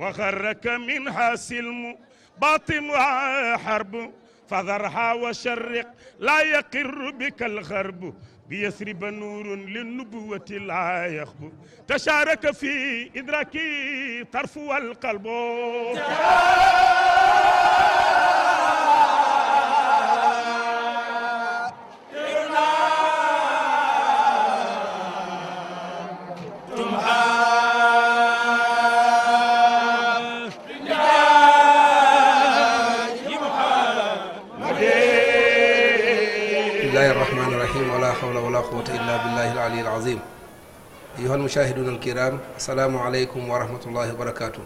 وغرك منها سلم باطنها حرب فذرها وشرق لا يقر بك الغرب بيثرب نور للنبوة لا يخبو تشارك في إدراكي طرف والقلب azim ayyuha almushahiduna alkiram asalaamu aleykum wa wa barakaatu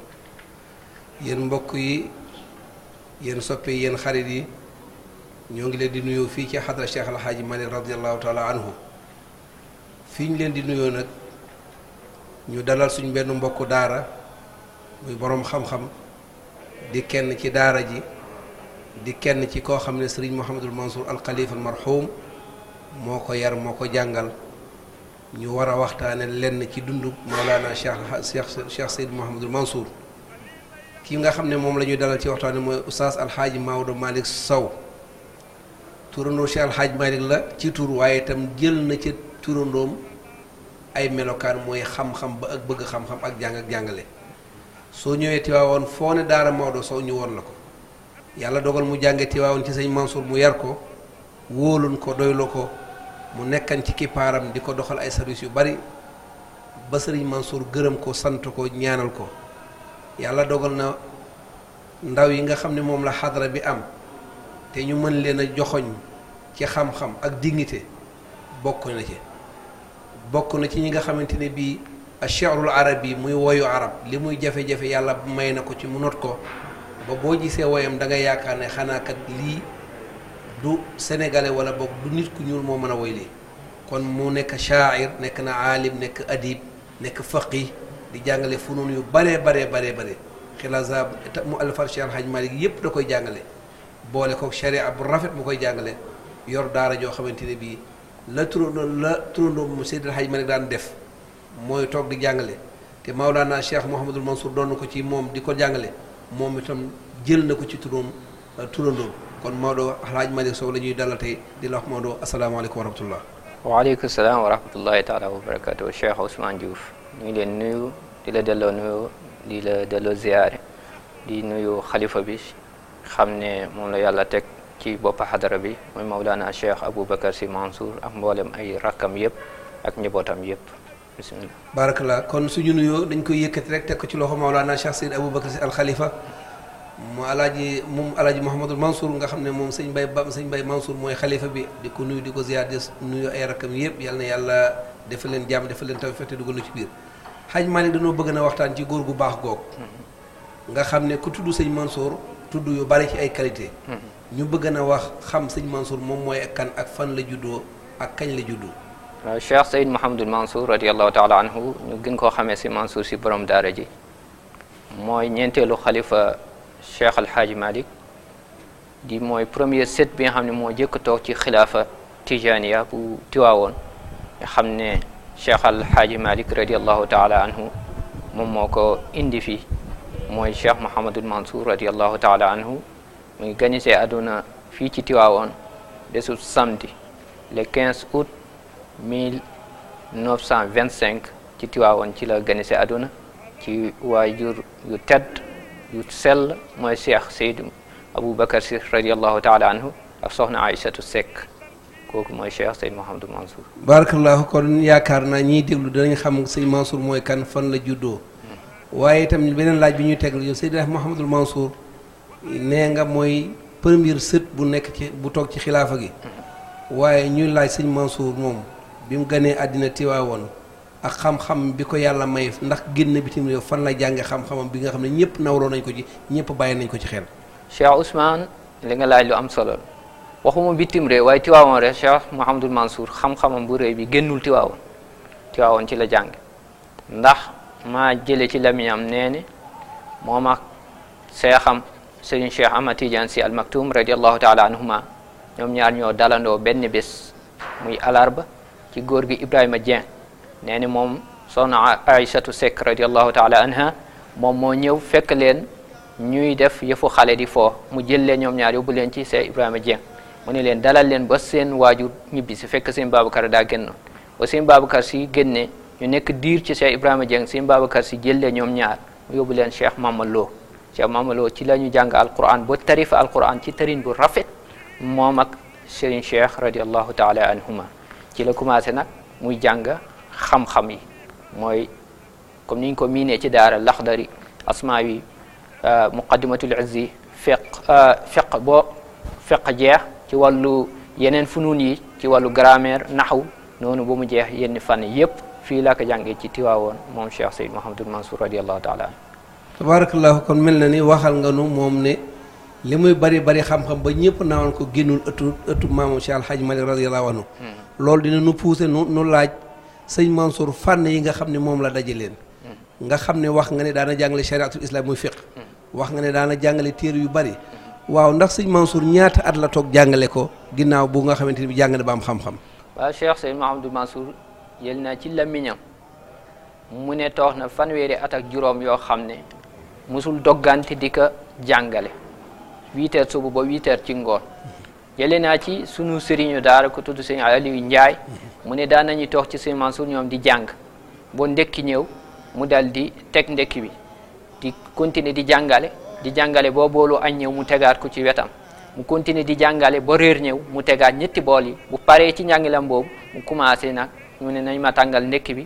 yéen mbokk yi yéen soppe yi yéen xarit yi ñoo ngi leen di nuyoo fii ci xadra cheikh alhaaji malik radiallahu taala anhu fii ñu leen di nuyoo nag ñu dalal suñ benn mbokku daara muy boroom xam-xam di kenn ci daara ji di kenn ci koo xam ne sëriñ Mouhamadul Mansour al Khalifa moo ko yar moo ko jàngal ñu war a waxtaane lenn ci dundu Mawlana Cheikh Cheikh Seyd Mouhamadul Mansour ki nga xam ne moom lañuy dalal ci waxtaane mooy oustaz alxaaji Maodo Malick Sow turandoo Cheikh alxaaji la ci tur waaye itam jël na ci turandoom ay melokaan mooy xam-xam ba ak bëgg xam-xam ak jàng ak jàngale soo ñëwee Tiwaawoon foo ne daara Maodo Sow ñu woon la ko yàlla dogal mu jànge Tiwaawoon ci sëñ Mansour mu yar ko wóolun ko doyloo ko mu nekkan ci kippaaram di ko doxal ay services yu bari ba sëriñ gërëm ko sant ko ñaanal ko yàlla dogal na ndaw yi nga xam ni moom la xadra bi am te ñu mën leen a joxoñ ci xam-xam ak dignité bokk na ci bokk na ci ñi nga xamante ne bii acherul arab yi muy woyu arab li muy jafe-jafe yàlla may na ko ci mu not ko ba boo gisee woyam dangay yaakaar ne xanaa kat lii du sénégalais wala boog du nit ku ñuul moo mën a woy lii kon mu nekk shaair nekk na aalim nekk adib nekk faqih di jàngale funuun yu baree baree baree bare xilaasaab mu alfar Cheikh Hadj Malick yëpp da koy jàngale boole ko a bu rafet mu koy jàngale yor daara joo xamante ne bii la turandoo la turandoo mu Seydil Hadj Malick daan def mooy toog di jàngale te Maulana Cheikh Mouhamadul Mansour doon na ko ci moom di ko jàngale moom itam jël na ko ci turam turandoom kon Maodo Alhaaj Malick Sow la ñuy dalal tey di la wax Maodo asalaamaaleykum wa rahmatullah waaleykum salaam wa rahmatullahi taala wa ñu ngi di la delloo nuyu la delloo ziyaare xalifa bi ne moom la yàlla teg ci bopp xadara bi muy Mawlana Cheikh Aboubacar Sy Mansour ak mboolem ay rakkam yëpp ak njabootam yëpp bisimilah barakallah kon suñu nuyoo dañ koy yëkkati rek teg ko ci loxo Mawlana Cheikh Seyd Aboubacar Sy al Khalifa mu alaaji moom alaaji Mouhamadul Mansour nga xam ne moom sëñ Bay ba sëñ Bay Mansour mooy xalifa bi di ko nuyu di ko ziar di nuyu ay rakam yëpp yal na yàlla defal leen jàmm defal leen tawfeex te ko na ci biir xaj maa ne dañoo bëgg na waxtaan ci góor gu baax goog nga xam ne ku tudd sëñ Mansour tudd yu bari ci ay qualité mm-hmm. ñu bëgg na wax xam sëñ Mansour moom mooy kan ak fan la juddoo ak kañ la juddoo Cheikh Seyd Mouhamadul Mansour radiallahu taala anhu ñu gën koo xamee si Mansour si borom daara ji ñeenteelu xalifa Cheikh Al Hadj Malick di mooy premier set bi nga xam ne moo njëkk toog ci xilaafa tijaniya bu tiwaawoon nga xam ne Cheikh Al Hadj Malick radiallahu taala anhu moom moo ko indi fi mooy Cheikh Mouhamadul Mansour radiallahu taala anhu mu ngi ganisee àdduna fii ci tiwaawoon desul samedi le 15 août 1925 ci tiwaawoon ci la ganisee àdduna ci yu tedd yu sell mooy cheikh seydou aboubacar si radiallahu taala anhu ak soxna aïsatu sekk kooku mooy cheikh seyd mouhamadou mansour barakallahu kon yaakaar na ñiy déglu danañ xam sëñ mansour mooy kan fan la juddoo waaye itam beneen laaj bi ñuy tegal yow seydina mouhamadul mansour nee nga mooy premier sët bu nekk ci bu toog ci xilaafa gi mm-hmm. waaye ñuy laaj sëñ mansour moom bi mu ganee àddina tiwaawoon ak xam-xam bi ko yàlla may ndax génn bitim réew fan la jànge xam-xamam bi nga xam ne ñëpp nawloo nañ ko ci ñëpp bàyyi nañ ko ci xel. Cheikh Ousmane li nga laaj lu am solo la waxuma bitim réew waaye Tiwaawoon rek Cheikh Mouhamadul Mansour xam-xamam bu réew bi génnul Tiwaawoon Tiwaawoon ci la jànge ndax maa jële ci lamiñam nee ni moom ak seexam sëriñ Cheikh Ahmad Tidiane si almaktum radiallahu taala anhuma ñoom ñaar ñoo dalandoo benn bés muy alarba ci góor gi Ibrahima Dieng nee ni moom soxna Aïchatu Seck radiallahu taala anha moom moo ñëw fekk leen ñuy def yëfu xale di foo mu jël leen ñoom ñaar yóbbu leen ci Cheikh Ibrahima Dieng mu ne leen dalal leen ba seen waajur ñibbi si fekk seen Babacar daa génnoon ba seen Babacar si génne ñu nekk diir ci Cheikh Ibrahima Dieng seen Babacar si jël ñoom ñaar mu leen Cheikh Mama Lo Cheikh ci la ñu jàng Alquran ba tarifa Alquran ci tarin bu rafet moom ak Serigne Cheikh radiallahu taala anhuma ci la commencé nag muy jàng xam-xam yi mooy comme niñ ko miinee ci daara laxdari asmaa yi euh, muqaddimatul izzi feq euh, feq boo feq jeex ci wàllu yeneen funuun yi ci wàllu grammaire naxw noonu ba mu jeex yenn fànn yëpp fii laa ko jàngee ci tiwaawoon moom Cheikh Seyd Mouhamadul Mansour radiallahu taala an kon mel na ni waxal nga nu moom ne li muy bari bari xam-xam ba ñëpp naawoon ko génnul ëttu ëttu maamu Cheikh Alhaji Malik radiallahu anhu hmm. loolu dina nu poussé nu laaj sëñ Mansour fànn yi nga xam ne moom la daje leen mm. nga xam ne wax nga ne daana jàngale chariatul islam muy fiq mm. wax nga ne daana jàngale téere yu bari waaw ndax sëñ Mansour ñaata at la toog jàngale ko ginnaaw bu nga xamante ni bi jàng na ba am xam-xam waaw Cheikh sëñ naa ci làmmiñam mu ne toog na fanweeri at ak juróom yoo xam ne musul doggante di ko jàngale huit heures suba ba huit ci ngoon jëlee naa ci sunu sëriñu daara ko tudd sëriñ Aliou Ndiaye mm-hmm. mu ne daan nañu toog ci sëriñ Mansour ñoom di jàng boo ndekki ñëw mu dal di teg ndekki bi di continuer di jàngale di jàngale boo boolu añ ñëw mu tegaat ko ci wetam mu continuer di jàngale ba réer ñëw mu tegaat ñetti bool yi bu paree ci njàngilam boobu mu commencé nag mu ne nañ ma tàngal ndekki bi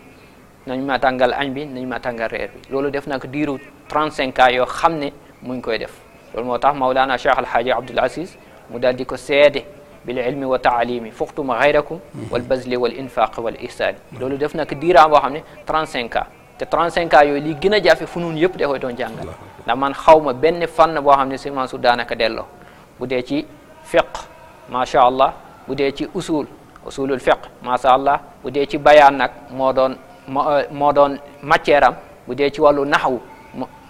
nañ ma tàngal añ bi nañ ma tàngal reer bi loolu def na ko diiru 35 ans yoo xam ne mu ngi koy def loolu moo tax Maulana Cheikh Al Hadji Abdoul Aziz mu daal di ko seede bil ilmi wa taalimi fuxtuma xayrakum mhm. wal bazli wal infaq wal ihsaani mhm. loolu def na ko diiraam boo xam ne 35 ans te 35 ans yooyu li gën a jafe funuun yëpp da koy doon jàngal ndax man xaw ma benn fànn boo xam ne Sëñ Mansuur daanaka delloo bu dee ci fiq macha allah bu dee ci usul usulul fiq macha allah bu dee ci bayaan nag moo doon moo doon matière am bu dee ci wàllu naxwu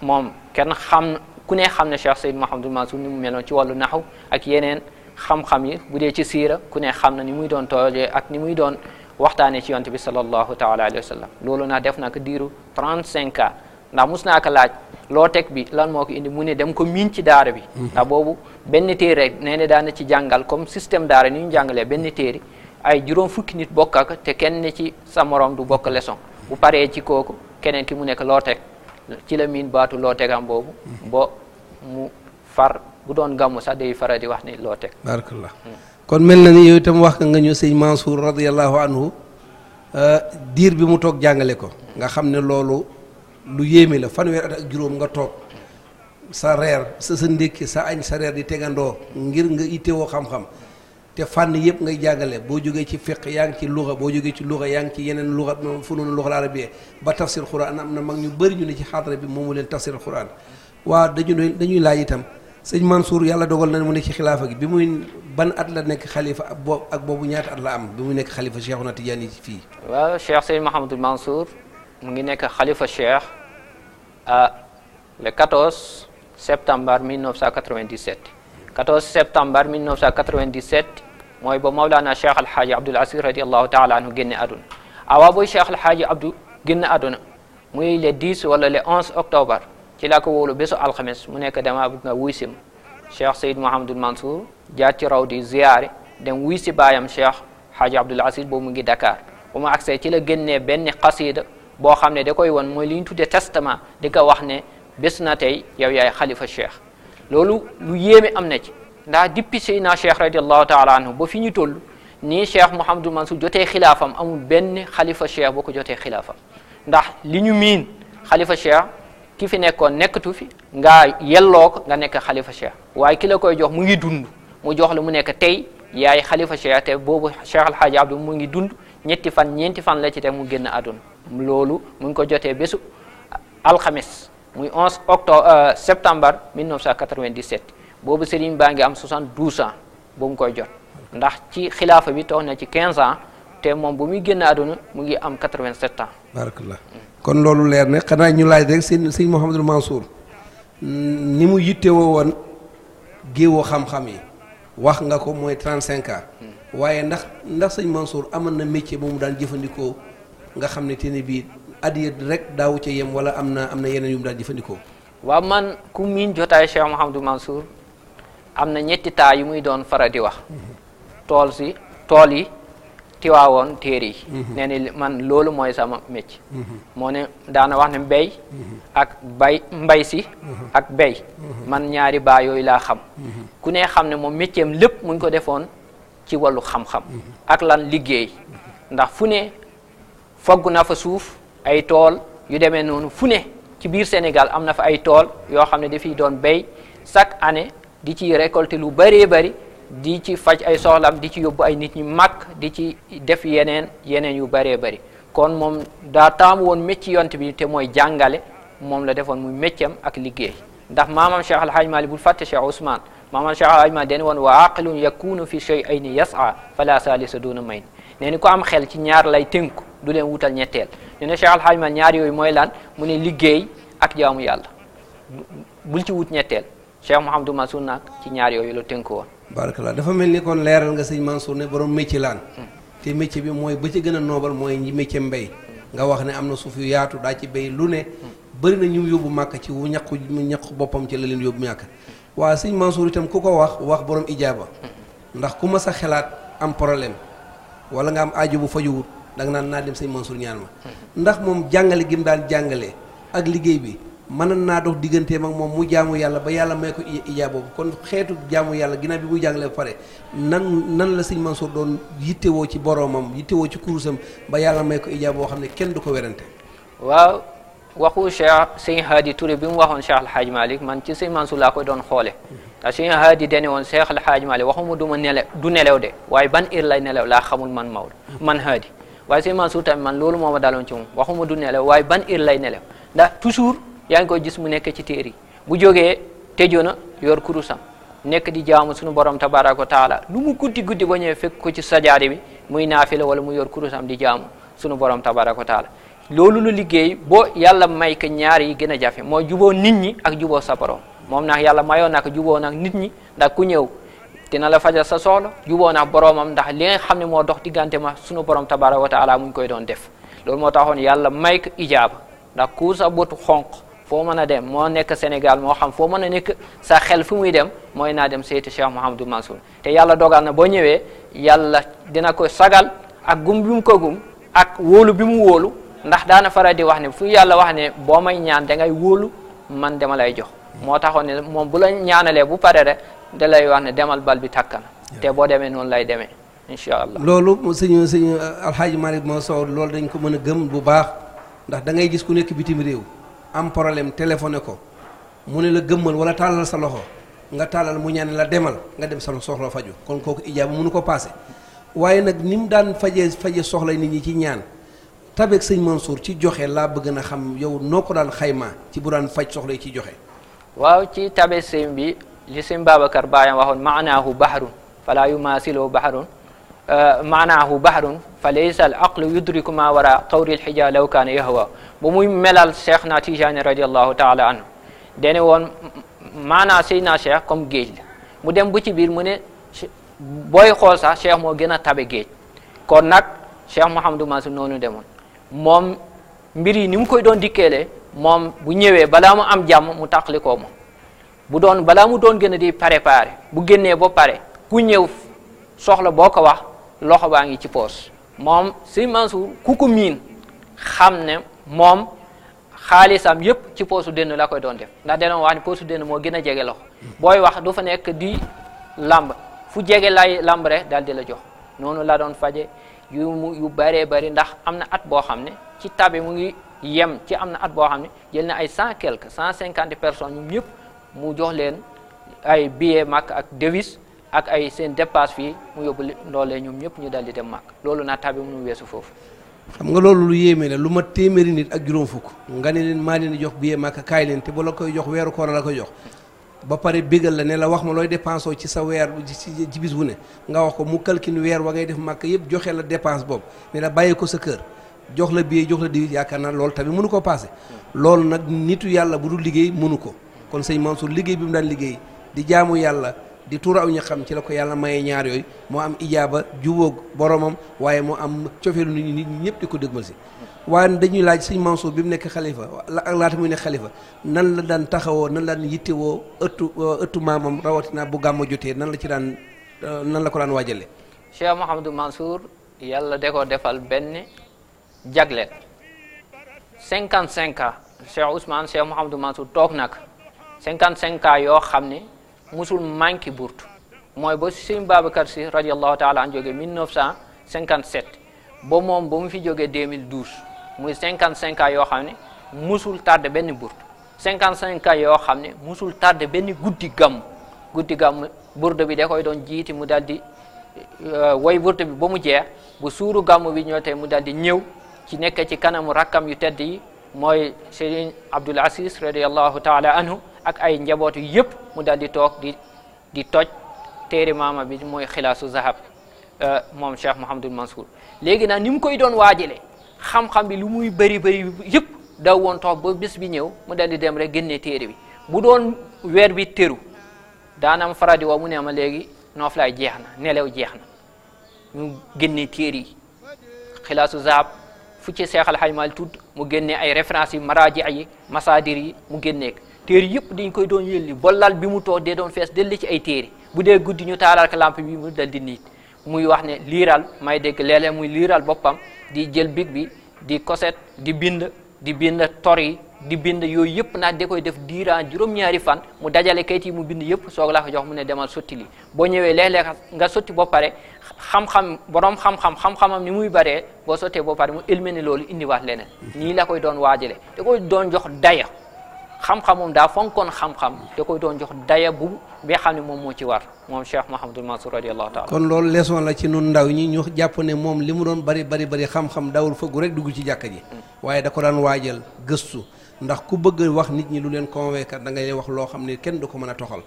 moom kenn xam ku ne xam ne Cheikh Seyd Mahamadul Mansour ni mu meloon ci wàllu naxu ak yeneen xam-xam yi bu dee ci siira ku ne xam na ni muy doon toolee ak ni muy doon waxtaanee ci yonte bi sallallahu taala alayhi wa sallam loolu naa def na ko diiru 35 ans ndax mus naa ko laaj loo teg bi lan moo ko indi mu ne dem ko miin ci daara bi mhm. ndax boobu benn téere rek nee ne daana ci jàngal comme système daara ni ñu jàngalee benn téere ay juróom fukki nit bokk ak te kenn ci sa morom du bokk leçon bu paree ci kooku keneen ki mu nekk loo teg ci la miin baatu loo tegam boobu mhm. bo mu far bu doon gàmmu sax day fara di wax ni loo teg barakallah hmm. kon mel na ni yow itam wax nga ñu sëñ Mansour radiallahu anhu euh, diir bi mu toog jàngale ko nga xam ne loolu lu yéeme la fan at ak juróom nga toog sa reer sa sa ndékki sa añ sa reer di tegandoo ngir nga ittewoo xam-xam te fànn yëpp ngay jàggale boo jógee ci fiq yaa ngi ci luga boo jógee ci luga yaa ngi ci yeneen luga funuun luga arabiya ba tafsir xuraan am na mag ñu bëri ñu ne ci xaadara bi moomu leen tafsir xuraan waa dañu dañuy laaj itam sëñ Mansour yàlla dogal na mu ne ci xilaafa gi bi muy ban at la nekk xalifa ak boobu ak boobu ñaata at la am bi mu nekk xalifa Cheikhuna Tidiane yi fii waaw Cheikh Sëñ Mahamadul Mansour mu ngi nekk xalifa Cheikh à ah, le 14 septembre 1997 14 septembre 1997 mooy ba Mawlana Cheikh Alhaaji Abdul Aziz radiallahu taala anhu génne àdduna awaa booy Cheikh Alhaaji Abdou génne àdduna muy le 10 wala le 11 octobre ci laa ko wóolu bésu alxames mu nekk dama bëgg nga wuy sim Cheikh Seyd Mouhamadul Mansour jaar ci raw di ziyaare dem si baayam Cheikh Haaji Abdul Aziz boo mu ngi Dakar bu ma agsee ci la génnee benn xasida boo xam ne da koy won mooy li ñu tuddee di ko wax ne bés na tey yow yaay xalifa Cheikh loolu lu yéeme am na ndaa dippi Seydina Cheikh radiallahu taala anhu ba fi ñu toll nii Cheikh Mouhamadul su jotee xilaafam amul benn xalifa Cheikh boo ko jotee xilaafam ndax li ñu miin xalifa Cheikh ki fi nekkoon nekkatu fi nga yelloo nga nekk xalifa Cheikh waaye ki la koy jox mu ngi dund mu jox la mu nekk tey yaay xalifa Cheikh te boobu Cheikh Al Hadj mu ngi dund ñetti fan ñeenti fan la ci te mu génn àdduna loolu mu ngi ko jotee bésu alxames muy 11 octobre euh, septembre 1997. boobu sëriñ baa ngi am 72 ans bu mu koy jot ndax ci xilaafa bi toog na ci 15 ans te moom bu muy génn àdduna mu ngi am 87 ans. barakallah kon loolu leer ne xanaa ñu laaj rek sëñ sëñ Mouhamadul Mansour ni mu yittewoo woon géewoo xam-xam yi wax nga ko mooy cinq ans waaye ndax ndax sëñ Mansour aman na métier bu mu daan jëfandikoo nga xam ne te ni bii addiya rek daawu ca yem wala am na am na yeneen yu mu daan jëfandikoo. waaw man ku miin am na ñetti taa yu muy doon fara di wax tool si tool yi tiwaawoon téere yi mhm. nee ni man loolu mooy sama mécc mhm. moo ne daana wax ne mbay mhm. ak bay mbay si ak béy man ñaari baa yooyu laa xam ku ne xam ne moom mécceem lépp mu ngi ko defoon ci wàllu xam-xam ak lan liggéey ndax fu ne fogg na fa suuf ay tool yu demee noonu fu ne ci biir Sénégal am na fa ay tool yoo xam ne dafiy doon bay chaque année di ci récolter lu bëree bëri di ci faj ay soxlam di ci yóbbu ay nit ñi màkk di ci def yeneen yeneen yu bëree bëri kon moom daa taamu woon mécc yont bi te mooy jàngale moom la defoon muy méccam ak liggéey ndax maamam Cheikh Al Hadj Mali bul fàtte Cheikh Ousmane maamam Cheikh Al Hadj Mali dañu woon wa aqilun fi shay'ayni yas'a fala salisa duna mayn nee ni ko am xel ci ñaar lay tenku du leen wutal ñetteel ñu ne Cheikh Al ñaar yooyu mooy lan mu ne liggéey ak jaamu yàlla ci wut ñetteel Cheikh Mouhamadou Mansour nag ci ñaar yooyu la tënk woon. barakallah dafa mel ni kon leeral nga sëñ Mansour ne borom métier laan. Hmm. te métier bi mooy ba ci gën a noobal mooy ñi métier mbéy. nga wax ne am na suuf yu yaatu daa ci béy lu ne. Hmm. bari na ñu yóbbu màkk ci wu ñaqu ñaqu boppam ci la leen yóbbu ñàkk. waa sëñ Mansour itam ku ko wax wax borom ijaaba. Hmm. ndax ku ma sa xelaat am problème wala nga am aajo bu fajuwut danga naan naa dem sëñ Mansour ñaan ma. ndax moom jàngale gi mu daan jàngale ak liggéey bi. mënoon naa dox digganteem ak moom mu jàmm yàlla ba yàlla may ko ijaa kon xeetu jàmm yàlla ginnaaw bi muy jàngalee ba pare nan nan la sëñ Mansour doon yittewoo ci boroomam yittewoo ci kurusam ba yàlla may ko ijaa boo xam ne kenn du ko werante waaw waxu Cheikh sëñ Haadi Touré bi mu waxoon Cheikh El Hadj man ci sëñ laa koy doon xoole mhm. ndax sëñ woon Cheikh El Hadj Malick waxuma du ma nelew du nelew de waaye ban heure lay nelew laa xamul man Maodo man Haadi waaye sëñ Mansour man loolu moo daloon ci moom du nelew waaye ban lay nelew ndax yaa ngi koy gis mu nekk ci téer yi bu jógee tëjoo na yor kurusam nekk di jaamu suñu borom tabaraka wa lu mu guddi guddi ba ñëwee fekk ko ci sajaade bi muy naafila wala mu yor kurusam di jaamu sunu borom tabaraka wa taala loolu lu liggéey boo yàlla may ko ñaar yi gën a jafe moo juboo nit ñi ak juboo sa borom moom nag yàlla mayoon na ko juboo nag nit ñi ndax ku ñëw dina la fajal sa soxla juboo nag boromam ndax li nga xam ne moo dox diggante ma sunu borom tabaraka wa taala mu koy doon def loolu moo taxoon yàlla may ko ijaaba ndax ku sa botu xonq foo mën a dem moo nekk Sénégal moo xam foo mën a nekk sa xel fu muy dem mooy naa dem seeti Cheikh Mouhamadou Mansour te yàlla dogal na boo ñëwee yàlla dina ko sagal ak gum bi mu ko gum ak wóolu bi mu wóolu ndax daana faral di wax ne fu yàlla wax ne boo may ñaan da ngay wóolu man dama lay jox moo taxoon ne moom bu la ñaanalee bu pare rek da lay wax ne demal bal bi takkan te boo demee noonu lay demee incha allah loolu sëñ sëñ alxaaji Malick moo soow loolu dañ ko mën a gëm bu baax ndax da ngay gis ku bitim réew am problème téléphoné ko mu ne la gëmmal wala tàllal sa loxo nga tàllal mu ñaan la demal nga dem sa soxla faju kon kooku ijaaba mënu ko paase waaye nag ni mu daan fajee faje soxla nit ñi ci ñaan tabeeg sëñ Mansour ci joxe laa bëgg na xam yow noo ko daan xaymaa ci bu daan faj soxla yi ci joxe waaw ci tabe sëñ bi li sëñ Babacar Baayam waxoon maanaahu baharun falaa yumaasilu baharun maanaahu bahrun fa laysa al aqlu yudriku ma wara tawri l xija law kaana yahwa bu muy melal cheikh na tijaani radiallahu taala anhu dene woon maanaa sëy naa cheikh comme géej la mu dem bu ci biir mu ne booy xool sax cheikh moo gën a tabe géej kon nag cheikh mouhamadou Mansour noonu demoon moom mbir yi ni koy doon dikkeele moom bu ñëwee balaa mu am jàmm mu tàqalikoo moom bu doon balaa mu doon gën a di préparé bu génnee ba pare ku ñëw soxla boo ko wax loxo baa ngi ci poos moom Serigne Mansour ku ko miin xam ne moom xaalisam yépp ci poosu dënn la koy doon def ndax danoon wax ne poosu dënn moo gën a jege loxo booy wax du fa nekk di lamb fu jege lay lamb rek daal di la jox noonu la doon faje yu mu yu bëree bëri ndax am na at boo xam ne ci tabi mu ngi yem ci am na at boo xam ne jël na ay cent quelque cent cinquante personnes ñoom ñëpp mu jox leen ay billets mak ak devise ak ay seen dépasse fii mu yóbbu loolee ñoom ñëpp ñu daal di dem màkk loolu naata bi mënu weesu foofu. xam nga loolu lu yéeme la lu ma téeméeri nit ak juróom fukk nga ne leen maa leen di jox billet màkk kaay leen te ba la koy jox weeru koor la ko jox. ba pare bégal la ne la wax ma looy dépensé ci sa weer ci bis bu ne nga wax ko mu calcule weer wa ngay def màkk yëpp joxe la dépense boobu ne la bàyyi ko sa kër jox la billet jox la di yaakaar naa lool tamit mënu ko passé. loolu nag nitu yàlla bu dul liggéey mënu ko kon sëñ Mansour liggéey bi mu daan liggéey di jaamu yàlla di tuur aw ñaxam ci la ko yàlla maye ñaar yooyu moo am ijaaba jubóog boromam waaye moo am cofeelu nit ñi ñëpp di ko dëgmal si waaye dañuy laaj sëñ Mansour bi mu nekk xalifa ak laata muy nekk xalifa nan la daan taxawoo nan la daan yittewoo ëttu euh, ëttu maamam rawatina bu gàmmu jotee nan la ci daan euh, nan la ko daan waajale Cheikh Mouhamadou Mansour yàlla de ko defal benn jagle cinquante cinq ans Cheikh Ousmane toog nag cinquante yoo xam ne musul manqué burtu mooy ba sëñ Babacar si radiallahu taala an jógee 1957 ba moom boo mu fi jógee 2012 muy 55 ans yoo xam ne musul tardé benn burtu 55 ans yoo xam ne musul tardé benn guddi gàmm guddi gàmm burdu bi da koy doon jiiti mu dal di euh, woy burtu bi ba mu jee bu suuru gàmm bi ñoo tey mu dal di ñëw ci nekk ci kanamu rakkam yu tedd yi mooy Serigne Abdoul Aziz radiallahu taala anhu ak ay njaboot yëpp mu daal di toog di di toj téere maama bi mooy xilaasu zahab euh, moom Cheikh Mouhamadul Mansour léegi nag ni mu koy doon waajale xam-xam bi lu muy bëri bëri yëpp daw woon toog ba bés bi ñëw mu daal di dem rek génne téere bi bu doon weer bi teru daanam faradi woo mu ne ma léegi nooflaay jeex na nelew jeex na ñu génne téere yi xilaasu zahab fu ci seexal xaymaal tudd mu génne ay référence yi maraaji yi masaadir yi mu génneek téere yëpp dañ koy doon yëlli bollal bi mu toog dee doon fees delli ci ay téere bu dee guddi ñu taalal ko lampe bi mu dal di niit muy wax ne liiral may dégg léeg muy liiral boppam di jël big bi di koset di bind di bind tor yi di bind yooyu yëpp naa da koy def diiraan juróom-ñaari fan mu dajale kayit yi mu bind yëpp soog laa ko jox mu ne demal sotti li boo ñëwee léeg-léeg nga sotti ba pare xam-xam borom xam-xam xam-xamam ni muy baree boo sottee ba pare mu éliminé loolu indiwaat leneen. nii la koy doon waajalee da doon jox daya. xam-xamam daa fonkoon xam-xam da koy doon jox daya bu bi xam ne moom moo ci war moom Cheikh Mouhamadul Mansour radiyallahu taala kon loolu leçon la ci nun ndaw ñi ñu jàpp moom li doon bari bari bari xam-xam dawul fëggu rek dugg ci jàkka ji waaye da ko daan waajal gëstu ndax ku bëgg wax nit ñi lu leen convaincre da ngay wax loo xam ne kenn du ko mën a toxal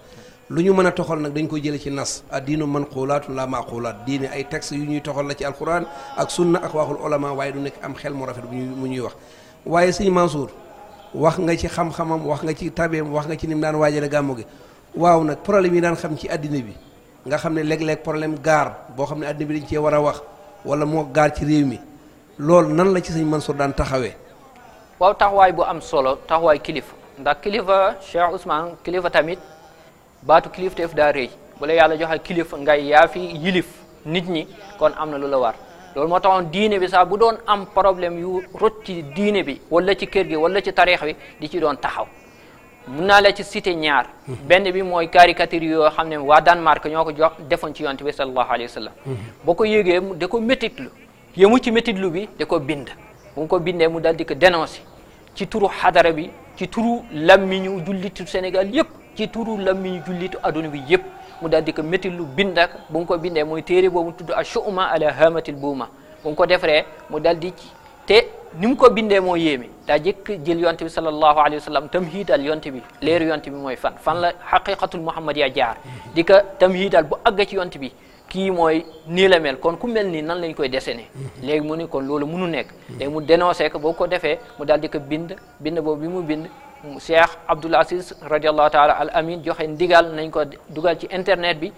lu ñu mën a toxol nag dañ koy jële ci nas a diinu man xuulaatu la maa xuulaat diine ay textes yu ñuy toxal la ci al alquran ak sunna ak waxul olama waaye du nekk am xel mu rafet bu ñuy ñuy wax waaye sëñ Mansour wax nga ci xam-xamam wax nga ci tabeem wax nga ci ni mu daan waajale gàmmu gi waaw nag problème yi daan xam ci àddina bi nga xam ne léeg-léeg problème gaar boo xam ne àddina bi dañ cee war a wax wala moo gaar ci réew mi loolu nan la ci sëñ Mansour daan taxawee. waaw taxawaay bu am solo taxawaay kilifa ndax kilifa Cheikh Ousmane kilifa tamit baatu kilifteef daa rëy bu la yàlla joxe kilifa ngay yaa fi yilif nit ñi kon am na lu la war. loolu moo taxoon diine bi saa bu doon am problème yu rot ci diine bi wala ci kër gi wala ci tarix bi di ci doon taxaw mun naa la ci cité ñaar mhm. benn bi mooy caricature yoo xam ne waa Danemark ñoo ko jox defoon ci yoon yonent bi sallallahu alayhi wa sallam mhm. boo ko yégee da ko métitlu yemu ci métitlu bi da ko bind bu ko bindee mu dal di ko dénoncé ci turu xadara bi ci turu lammiñu jullitu Sénégal yëpp ci turu lammiñu jullitu adduna bi yëpp mu daal di ko métti lu bind ak bu mu ko bindee mooy téere boobu tudd ashuma ala hamatil buuma bu mu ko defaree mu dal di te ni mu ko bindee moo yéeme da jëkk jël yonte bi sallallahu alayhi wa sallam tam hiital yonte bi leeru yonte mooy fan fan la xaqiqatul muhammad ya jaar di ko tam hiital bu àgg ci yonte bi kii mooy nii la mel kon ku mel nii nan lañ koy dessiné léegi mu ne kon loolu munu nekk de mu dénoncé ko boo ko defee mu daal di ko bind bind boobu bi mu bind cheikh abdul aziz radiallahu taala al amin joxe ndigal nañ ko dugal ci internet bi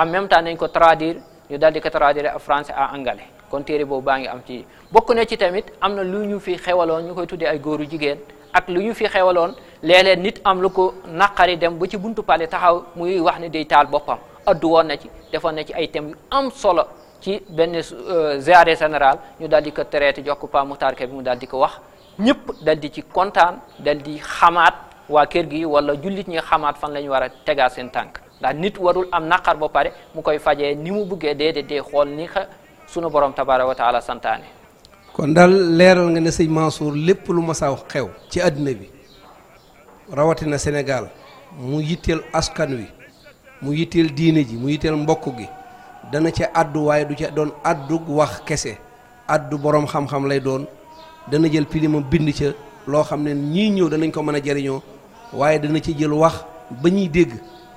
en même temps nañ ko traduire ñu daal di ko traduire français à anglais kon téere boobu baa ngi am ci bokk na ci tamit am na lu ñu fi xewaloon ñu koy tuddee ay góoru jigéen ak lu ñu fi xewaloon léeg nit am lu ko naqari dem ba ci buntu pale taxaw muy wax ne day taal boppam addu woon na ci defoon na ci ay thèmes yu am solo ci benn euh, ziare général ñu daal di ko traité jox ko Pa Muxtaar Kebe bi mu daal di ko wax ñëpp dal di ci kontaan dal xamaat waa kër gi wala jullit ñi xamaat fan lañu ñu war a tegaat seen tànk ndax nit warul am naqar ba pare mu koy fajee ni mu buggee dee dee xool ni sunu borom tabaaraka wa santaane. kon daal leeral nga ne sëñ Mansour lépp lu ma sa xew ci àddina bi rawatina Sénégal mu yitteel askan wi mu yitteel diine ji mu yitteel mbokk gi dana ci àddu waaye du ca doon àddu wax kese àddu borom xam-xam lay doon. dana jël pilimam bind ca loo xam ne ñii ñëw danañ ko mën a jariñoo waaye dana ci jël wax ba ñuy dégg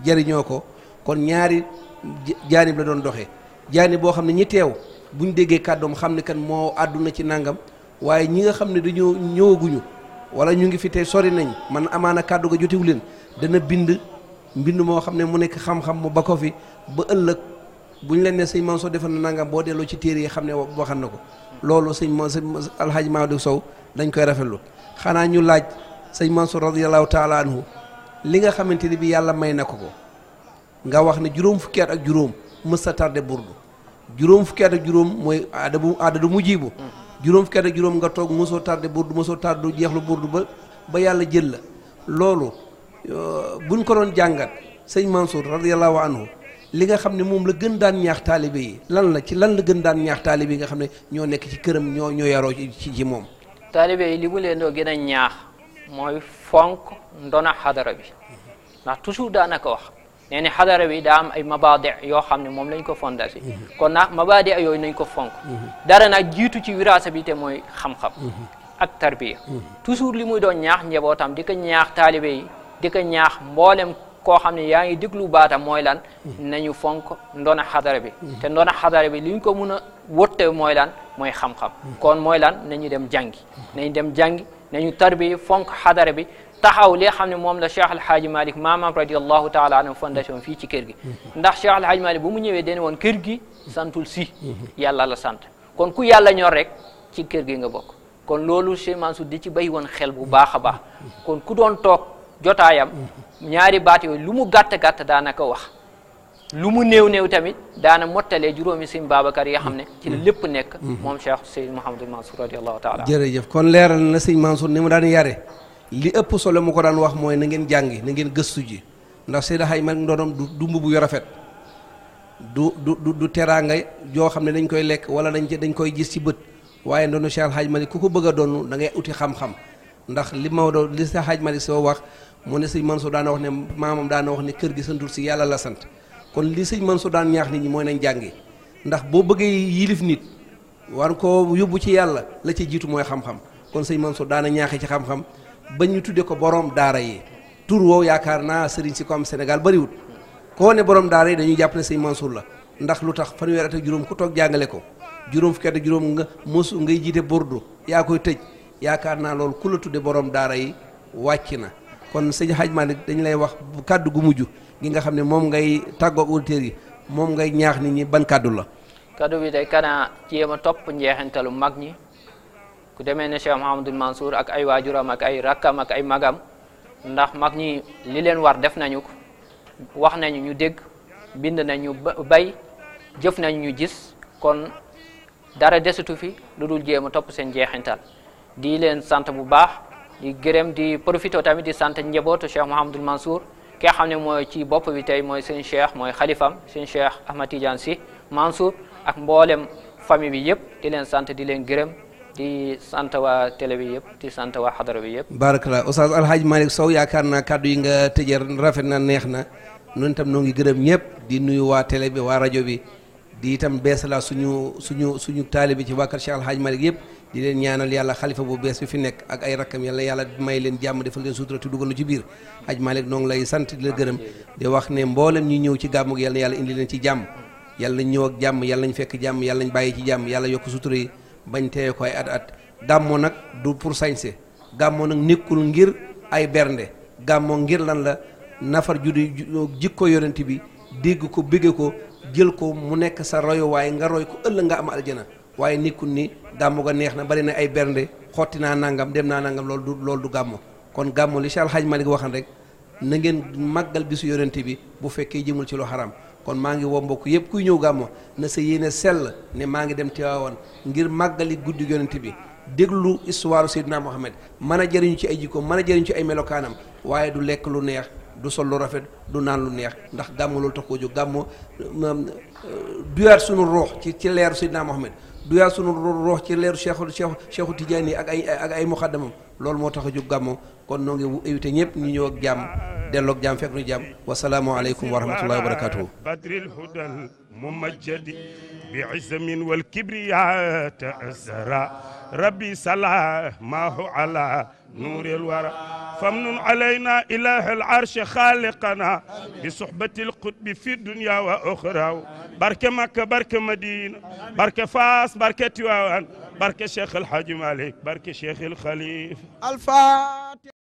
jariñoo ko kon ñaari jaanib la doon doxe jaanib boo xam ne ñi teew buñ déggee kàddoom xam ne kan moo àdduna ci nangam waaye ñi nga xam ne dañoo ñëwaguñu wala ñu ngi fi tey sori nañ man amaana kàddu ko jotiwu leen dana bind mbind moo xam ne mu nekk xam-xam mu ba ko fi ba ëllëg ñu leen ne sëñ Mansour defal na nangam boo delloo ci téere yi xam ne waxan na ko loolu sëñ ma sëñ alxaaji Maodo Sow dañ koy rafetlu xanaa ñu laaj sëñ Mansour radiallahu taala anhu li nga xamante ni bi yàlla may na ko ko nga wax ne juróom fukki at ak juróom mës sa tardé burdu juróom mooy aada bu aada du mujjibu juróom fukki at ak juróom nga toog mosoo tardé du mosoo tardé jeexlu burdu ba ba yàlla jël la loolu euh, buñ ko doon jàngat sëñ Mansour radiallahu anhu li nga xam ne moom la gën daan ñaax taalibe yi lan la ci lan la gën daan ñaax taalibe yi nga xam ne ñoo nekk ci këram ñoo ñoo yaroo ci ci moom taalibe yi li mu leen doo gën a ñaax mooy fonk ndona xadara bi ndax toujours ko wax ne ni xadara bi daa am ay mabadi yoo xam ne moom lañ ko fondasi mhm. kon nag mabadi yooyu nañ ko fonk mhm. dara nag jiitu ci wiraasa bi te mooy xam-xam mhm. ak tarbiya toujours li muy doon ñaax njabootam di ko ñaax taalibe yi di ko ñaax mboolem koo xam ne yaa ngi lu baata mooy lan nañu fonk ndona xadara bi mm-hmm. te ndona xadara bi li ñu ko mun a wëtte mooy lan mooy xam-xam mm-hmm. kon mooy lan nañu dem jàngi mm-hmm. nañu dem jàngi nañu tarbi fonk xadara bi taxaw li xam ne moom la Cheikh Alhaaji Malick maamam radiallahu taala anhu fondation fii ci kër gi ndax Cheikh Alhaaji Malick bu mu ñëwee den woon kër gi santul si yàlla la sant kon ku yàlla ñor rek ci kër gi nga bokk kon loolu Cheikh Mansour di ci bay woon xel bu baax a baax kon ku doon toog jotaayam ñaari baat yooyu lu mu gàtt-gàtt daanaka wax lu mu néew néew tamit daana mottalee juróomi sëñ Babacar yoo xam ne ci la lépp nekk moom Cheikh Seydou Mouhamadul Mansour radiallahu jëre jëf kon leeral na sëñ Mansour ni mu daan yare li ëpp solo mu ko daan wax mooy na ngeen jàngi na ngeen gëstu ji ndax Seydi Hadji Malick ndonom du du mbubb yu rafet du du du du teraanga joo xam ne dañ koy lekk wala dañ dañ koy gis ci bët waaye ndoonu Cheikh Hadji Malick ku ko bëgg a doon da uti xam ndax li Maodo li sa xaaj Malick soo wax mu ne sëñ Mansour daana wax ne maamam daana wax ne kër gi santul si yàlla la sant kon li sëñ Mansour daan ñaax nit ñi mooy nañ jàngi ndax boo bëggee yilif nit war ko yóbbu ci yàlla la ci jiitu mooy xam-xam kon sëñ Mansour daana ñaaxee ci xam-xam ba ñu tuddee ko borom daara yi tur woowu yaakaar naa sëriñ si ko am Sénégal bariwul koo ne borom daara yi dañuy jàpp ne sëñ Mansour la ndax lu tax fanweer at ak juróom ku jàngale ko juróom fukki at ak juróom nga jiite Bordeaux yaakaar naa loolu ku la tudde boroom daara yi wàcc na kon sëñ xaj man dañ lay wax kàddu gu mujj gi nga xam ne moom ngay tàggoog auditeurs yi moom ngay ñaax nit ñi ban kàddu la kàddu bi day kanaa jéem a topp njeexantalu mag ñi ku demee ne Cheikh Mouhamadul Mansour ak ay waajuram ak ay rakkam ak ay magam ndax mag ñi li leen war def nañu ko wax nañu ñu dégg bind nañu bay jëf nañu ñu gis kon dara desatu fi lu dul jéem a topp seen jeexintal di leen sant bu baax di gërëm di profité tamit di sant njabootu Cheikh Mouhamadul Mansour ki nga xam ne mooy ci bopp bi tey mooy seen cheikh mooy xalifam seen cheikh Ahmad Tidiane si Mansour ak mboolem famille bi yëpp di leen sant di leen gërëm di sant waa télé bi yëpp di sant waa xadara bi yëpp. barakallah Oustaz Alhaji Malick Sow yaakaar naa kàddu yi nga tëjee rafet na neex na noonu itam noo ngi gërëm ñëpp di nuyu waa télé bi waa rajo bi di itam beesala suñu suñu suñu taalibe ci waa kër Cheikh Alhaji yëpp. di leen ñaanal yàlla xalifa bu bees bi fi nekk ak ay rakkam yàlla yàlla may leen jàmm defal leen sutura te dugal nu ci biir aj Malick noo lay sant di la gërëm di wax ne mboolem ñu ñëw ci gàmmu yàlla yàlla indi leen ci jàmm yàlla nañ ñëw ak jàmm yàlla ñu fekk jàmm yàlla nañ bàyyi ci jàmm yàlla yokk sutura yi bañ teewe ko ay at at gàmmoo nag du pour sañse gàmmoo nag nekkul ngir ay bernde gàmmoo ngir lan la nafar judi jikko yonent bi dégg ko bigge ko jël ko mu nekk sa royuwaay nga roy ko ëllëg nga am aljana waaye nikkul ni gàmmu ga neex na bari na ay bernde xotti naa nangam dem naa nangam loolu du loolu du gàmmu kon gàmmu li Cheikh ma Hadj Malick waxan rek na ngeen màggal su yonente bi bu fekkee jëmul ci lu xaram kon maa ngi woo mbokk yëpp kuy ñëw gàmmu na sa yéene sell ne maa ngi dem Tiwaawan ngir màggali guddi yonente bi déglu histoire Seydina Mohamed mën a jëriñu ci ay jikko mën a jëriñu ci ay melokaanam waaye du lekk lu neex du sol lu rafet du naan lu neex ndax gàmmu loolu tax gàmmu euh, duyaat suñu ruux ci ci leeru Seydina Mohamed du yaa sunu roox ci leeru Cheikh Cheikh Cheikhu Tidiane ak ay ak ay muxaddamam loolu moo tax a jóg gàmmo kon noo ngi invité ñëpp ñu ñëw ak jàmm delloo ak jàmm fekk nu jàmm wasalaamualeykum wa rahmatullahi wa barakatuhu badril hudal mumajjadi bi izmin wal kibriya ta'azzara rabbi salamahu ala نور الورى فمن علينا إله العرش خالقنا بصحبة القطب في الدنيا وأخرى بارك مكة بارك مدينة بارك فاس بارك تيوان بارك الشيخ الحاج مالك بارك الشيخ الخليفة الفاتح